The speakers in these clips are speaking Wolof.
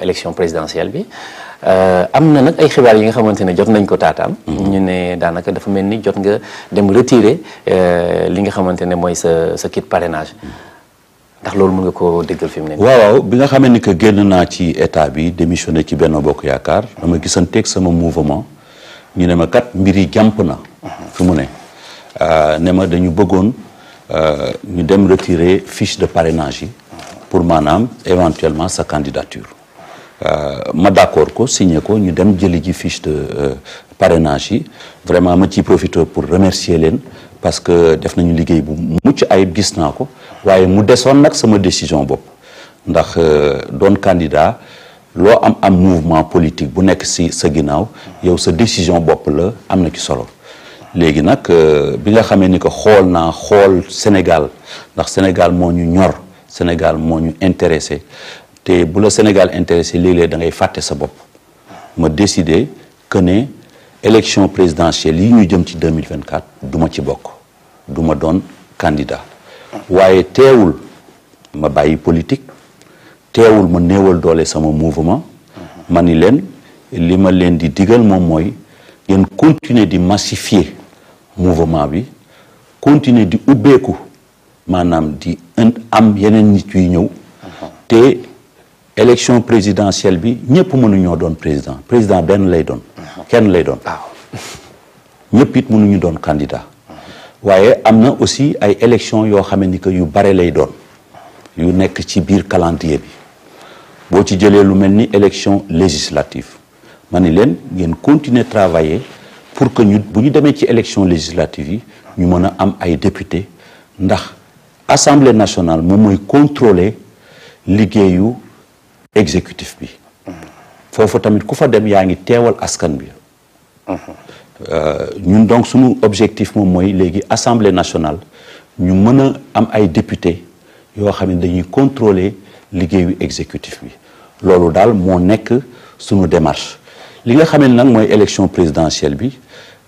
élection présidentielle bi euh amna nak ay xibaar yi nga xamantene jot nañ ko taataan. Mhm. ñu né danaka dafa melni jot nga dem retirer euh li nga xamantene moy ce ce kit parrainage mhm. ndax loolu mu nga ko déggal fimné waaw waaw bi nga xamee ni que génn naa ci état bi démissioner ci Benno Bokk yaakar dama ak sama mouvement ñu né ma kat mbiri jamp na. fi mu euh né ma dañu bëggone euh ñu dem retirer fiche de parrainage pour manam éventuellement sa candidature. Euh, ma d'accord ko signé ko ñu dem de euh, parrainage vraiment ma ci pour remercier len parce que def nañu liggéey bu mucc ayib gis ko mu nak sama décision décisions. ndax un euh, candidat lo am am mouvement politique bu nek ci sa ginaaw yow sa décision bop la amna ci solo légui nak bi nga ni ko Sénégal ndax Sénégal mo Sénégal mo intéressé te bu Sénégal intéressé les léeg da ngay et sa bopp ma décidé que ne élection présidentielle yi ñu jëm ci 2024 du ma ci bokk du ma doon candidat waaye teewul ma bàyyi politique teewul ma néewal doole sama mouvement ma ni leen li ma leen di digal moom mooy ngeen continuer di massifier mouvement bi continuer di ubbeeku maanaam di am yeneen nit yuy ñëw uh-huh. te élection présidentielle bi mënu mënuñoo doon président président Ben lay doon. kenn lay doon. ñëpp it ñu doon candidat. Il y aussi ay élection yo xamé ni que yu bare lay doon. yu nekk ci calendrier bi bo ci jëlé lu élection législative mané len ngeen continuer travailler pour que ñu buñu nous ci élection législative nous ñu mëna am ay député ndax assemblée nationale mo moy contrôler liggéeyu exécutif bi fofu tamit ku fa dem yaa ngi askan euh, donc objectif moom assemblée nationale ñu mën am ay député yoo xam dañuy contrôler liggéeyu exécutif bi loolu daal moo nekk suñu démarche li nga élection présidentielle bi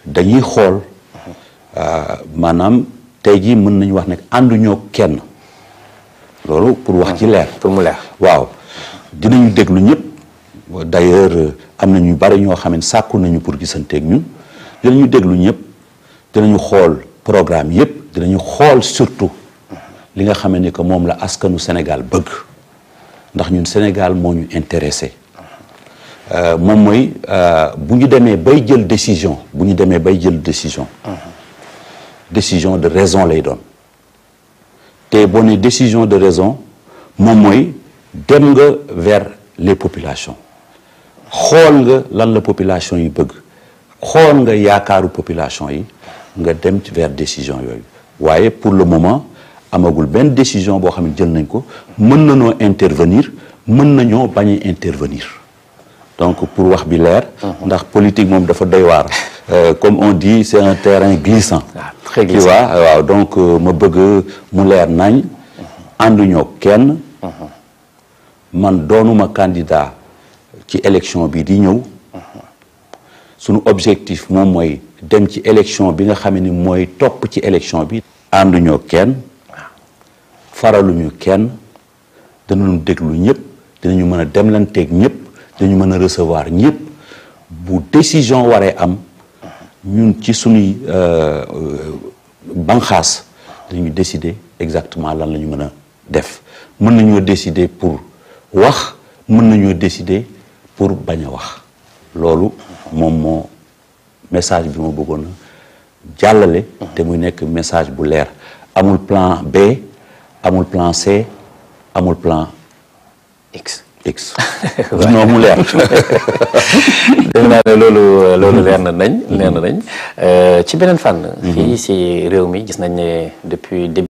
dañuy xool euh, maanaam tey jii mën pour wax ci dinañu déglu ñëpp d'ailleurs am na ñu bari ñoo xam ne sàkku nañu pour ak ñun dinañu déglu ñëpp dinañu xool programme yëpp dinañu xool surtout li nga xam ne que mom la askanu Sénégal bëgg ndax ñun Sénégal moo ñu intéressé mom moy euh, euh buñu démé bay jël décision buñu démé bay jël décision décision de raison lay doon té boo décision de raison mom moy dem nga vers les populations xool nga lan la population yi bëgg xool nga yaakaaru population yi nga dem vers décision yooyu waaye pour le moment amagul benn décision boo xam ne jël nañ ko mën nañoo intervenir mën nañoo bañ intervenir donc pour wax bi leer mhm. ndax politique moom dafa doy waar euh, comme on dit c'est un terrain glissant ah, tu vois waaw donc euh, ma bëgg mu leer nañ mhm. ànduñoo kenn man un candidat ci élection bi di l'élection. sunu objectif mom moy dem ci élection bi nga xamé ni moy top ci élection bi Nous kenn ñu kenn dañu déglu ñëpp Nous a ñëpp dañu mëna recevoir ñëpp décision waré am ñun euh, euh, décider exactement lan la ñu def décider pour wax mën décider pour bañ a wax message bi ma bëggoon jàllale te muy message bu leer plan B amul plan C amul plan X x non mu leer lolo, naa ne nañ leer euh, ci beneen fànn mm-hmm. depuis